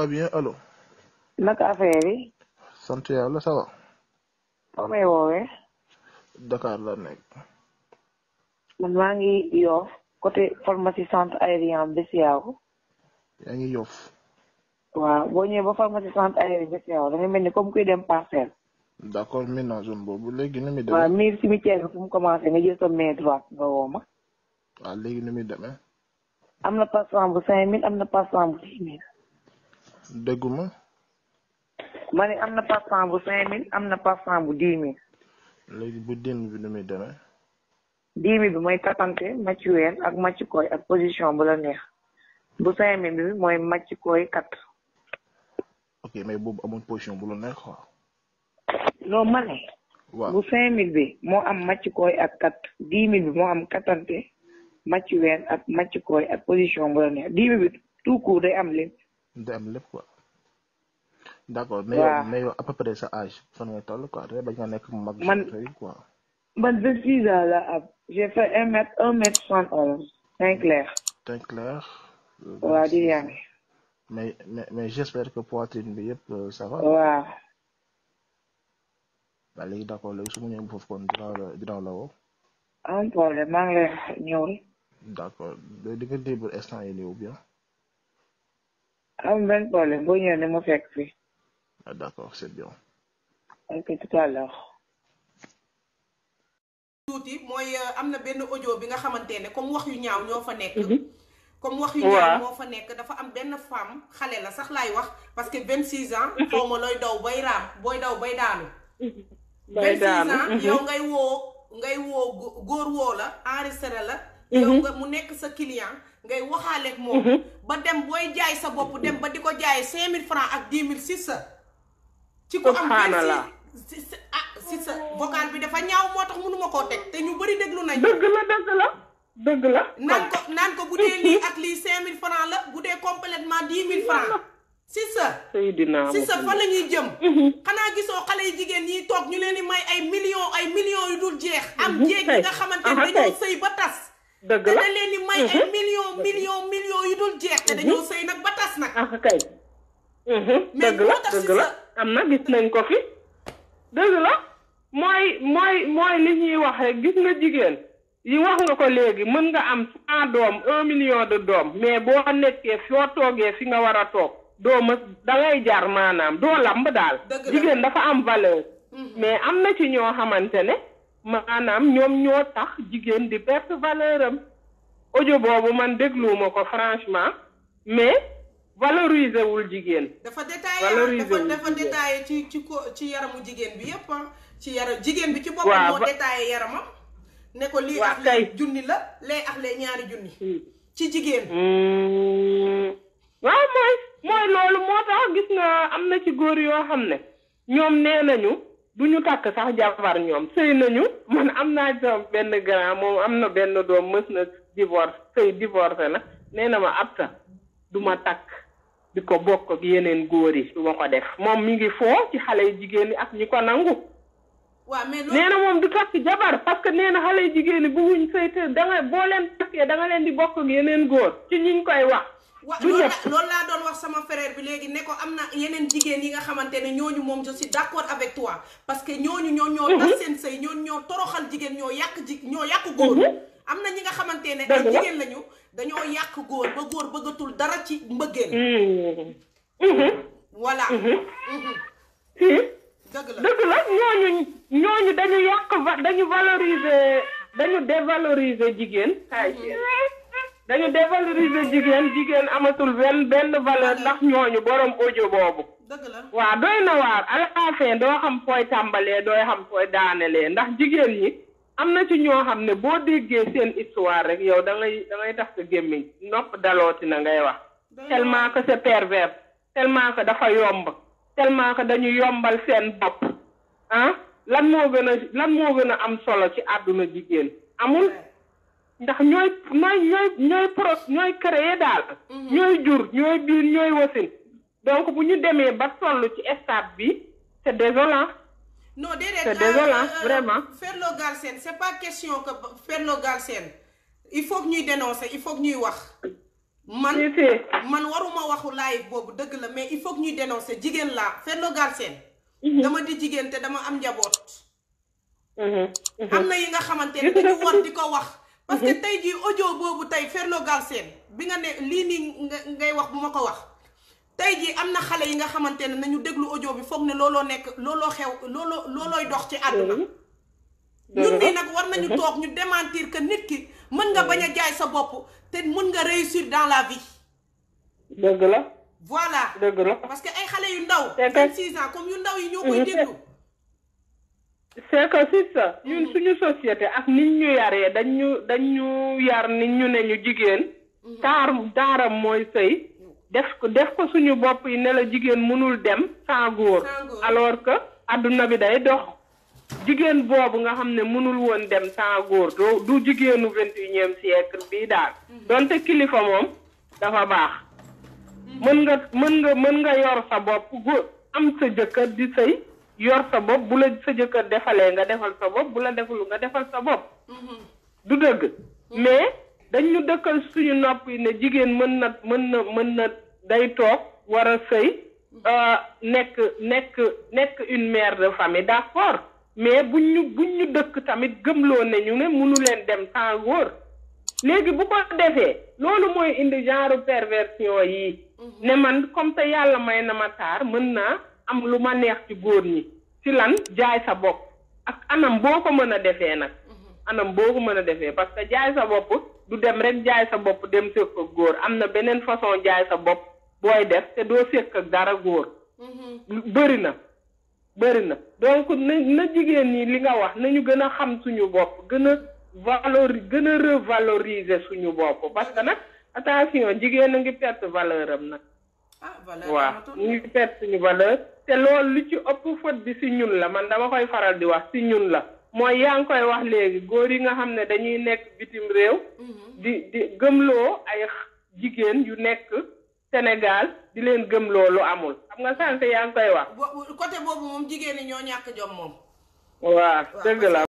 va bien allo. naka affaire yi. sant yàlla ça va. foo may woowee. Eh? Dakar la nekk. man maa ngi Yoff côté pharmacie centre aérien Bessiaw. yaa ngi Yoff. waaw boo ñëwee ba pharmacie centre aérien Bessiaw da nga mel ni comme kuy dem parcelle. d' accord miin naa boobu léegi nu muy demee. waaw miir cimetière mu commencé nga jël sa main droite nga woo ma. Ah, léegi nu muy am na passant bu cinq mille am na passant bu dix mille. dégguma ma am na parfum bu cinq mille am na parfum bu dix mille léegi bu din bi nu muy demee dix bi mooy tapante macc ween ak macc koy ak position bu la neex bu cinq mille bi mooy macc koy kat ok mais boobu amul position bu la neex quoi non bu cinq mille bi moo am macc koy ak kat dix bi moo am katante macc ween ak macc koy ak position bu la neex dix bi tout court day am lépp day am lépp quoi. d' accord mais yow mais yow à sa âge fan nga toll quoi bañ nga nekk mag. man quoi. man vingt six ans la ab j'ai fait un mètre un mètre soixante onze. teint clair. teint clair. Euh, waaw di yaa ngi. mais mais mais j' espère que poitrine bi yëpp euh, ça va. waaw. waaw léegi d' accord léegi su ma ñëwee foofu kon dinaa la dinaa la woo. am problème maa ngi lay ñëw. d' accord di nga libre instant ou bien. am benn fekk fi tuuti mooy euh, am na benn audio bi nga xamante ne comme wax yu ñaaw ñoo fa nekk mhm. comme wax yu ñaaw moo fa nekk dafa am benn femme xale la sax laay wax parce que vingt six ans mhm. xaw ma looy daw bay raam booy daw bay daanu mhm. vingt six yow ngay woo ngay woo góor woo la enregistré la yow mhm. nga mu nekk sa client ngay waxaaleeg moom mhm. ba dem booy jaay sa bopp dem ba di ko jaay cinq mille francs ak dix mille six ci ko am si ah sa oh. vocal bi dafa ñaaw moo tax mënuma koo teg te ñu bëri déglu nañ dëgg la dëgg la dëgg la naan ko naan ko bu dee lii ak lii cinq mille francs la bu dee completement dix mille francs si sa si sa fa la ñuy jëm mhm. xanaa gisoo xale yi jigéen ñiy toog ñu leen di may ay million ay millions yu dul jeex am jéeg nga xamante ne dañoo sëy ba tas dëgg la da leen di may ay millions mm-hmm. millions millions yu dul jeex. te dañoo mm-hmm. sëy nag ba tas nag. ah kay. Mm-hmm. dëgg la dëgg la am na gis nañ ko fi. dëgg la mooy mooy mooy li ñuy wax rek gis nga jigéen yi wax nga ko léegi mën nga am cent doom un million de doom mais boo nekkee foo toogee fi nga war a toog doo ma da jar maanaam doo lamb daal. jigéen dafa am valeur. mais am na ci ñoo xamante ne. maanaam ñoom ñoo tax jigéen di perte valeur am audio boobu man dégluwuma ko franchement mais valoriser jigéen. dafa détaillé dafa dafa ci ci ko ci yaramu jigéen bi yépp ah. ci yaram jigéen bi ci boppam moo détaillé yaramam. ne ko lii ak lay junni la lay ak ñaari junni. Hmm. ci jigéen. Hmm. waaw mooy mooy loolu moo tax gis nga am na ci góor yoo xam ne ñoom nee nañu. du ñu takk sax jabar ñoom sëy nañu man am naa sama benn grand moom am na benn doom mës na divorce sëy divorce na nee na ma ab sa du ma takk di ko bokk ak yeneen góor yi du ma ko def moom mu ngi foo ci xale yu jigéen ñi ak ñi ko nangu. waaw mais nee moom du takk jabar parce que nee na xale yi jigéen ñi bu wuñ sëy te da nga boo leen takkee da leen di bokk yeneen góor ci ñiñ koy wax. wa loolu laa doon wax sama frère bi léegi ne ko am na yeneen jigéen yi nga xamante ne ñooñu moom je suis d'accord avec toi parce que ñooñu ñoo ñoo mhm. tas seen sëy ñooñu ñoo toroxal jigéen ñoo yàq ji ñoo yàq góor mhm. am na ñi nga xamante ne ay jigéen lañu dañoo yàq góor ba góor bëggatul dara ci mbëggeel mhm. voilà dëgg la dëgg la ñooñu ñooñu dañu yàq dañu valoriser dañu dévaloriser jigéen dañu dévaloriser jigéen jigéen amatul benn benn valeur ndax ñooñu borom audio boobu. dëgg la waaw doy na waar à doo xam fooy tàmbalee dooy xam koy daanelee ndax jigéen ñi am na ci ñoo xam ne boo déggee seen histoire rek yow da ngay da ngay tax sa gémmiñ nopp dalooti na ngay wax. tellement que c'est pervers tellement dafa yomb tellement que dañu yombal seen bopp ah lan moo gën a lan moo gën a am solo ci àdduna jigéen amul. ndax ñooy ñooy ñooy ñooy pro ñooy créer daal. Mhm. ñooy jur ñooy biir ñooy wasin donc bu ñu demee ba toll ci stade bi c'est désolant. non de c'est euh, désolant euh, vraiment. Ferlo Galsen c'est pas question que Ferlo Galsen il faut ñuy dénoncer il faut que ñuy wax. man man waruma waxu live boobu dëgg la mais il faut que ñuy dénoncer jigéen laa Ferlo Galsen. Mhm. dama di jigéen te dama am njaboot. Mhm. am na yi nga xamante ne dañu di ko wax. parce que mhm. tey jii audio boobu tey Ferlo Galsen bi nga nee lii nii ngay wax bu ma ko wax tey jii am na xale yi nga xamante ne nañu déglu audio bi foog ne looloo nekk looloo xew looloo loolooy dox ci àdduna mhm. ñun nii nag war nañu mhm. toog ñu démentir que nit ki mën nga bañ a jaay sa bopp te mën nga réussir dans la vie. dëgg la. voilà dëgg la parce que ay xale yu ndaw. 26 ans comme yu ndaw yi ñoo koy déglu. c'est que c'est mhm. ñun suñu société ak niñ ñu yaree dañ ñu yar ni ñu ne ñu jigéen mhm. taar taaram mooy sëy def ko def ko suñu bopp yi ne la jigéen mënul dem sans góor alors que adduna bi day dox jigéen boobu nga xam ne mënul woon dem sans góor du jigéenu vingt et unième bii daal mhm. donte kilifa moom dafa baax mën nga mën nga mën nga yor sa bopp góor am sa jëkkër di sëy yor sa bopp bu la sa jëkkër defalee nga defal sa bopp bu la deful nga defal sa bopp. Mm-hmm. du dëgg. Mm-hmm. mais dañu dëkkal suñu nopp yi ne jigéen mën na mën na mën na day toog war a sëy mm-hmm. euh, nekk nekk nekk une maire de famille d'accord mais buñ ñu buñ ñu dëkk tamit gëmloo ne ñu ne munu leen dem temps wóor léegi bu ko defee loolu mooy indi genre perversion yi ne man comme te yàlla may na ma taar mën naa. am lu ma neex ci góor ñi ci lan jaay sa bopp ak anam boo ko mën a defee nag mhm. anam boo ko mën a defee parce que jaay sa bopp du dem rek jaay sa bopp dem séq ak góor am na beneen façon jaay sa bopp booy def te doo séq ak dara góor mhm. bëri na bëri na donc na jigéen ñi li nga wax nañu gën a xam suñu bopp gën a valori gën a revaloriser suñu bopp parce que nag attention jigéen a ngi perte valeur am nag. ah ngi perte suñu valeur. te lool li ci ëpp faute bi si ñun la man dama koy faral di wax si ñun la mooy yaa ngi koy wax léegi góor yi nga xam ne dañuy nekk bitim réew mm-hmm. di di gëmloo ay jigéen yu nekk Sénégal di leen gëmloo lu amul xam nga sànq yaa ngi koy wax côté boobu moom jigéen ñi ñoo ñàkk jox moom waaw dëgg la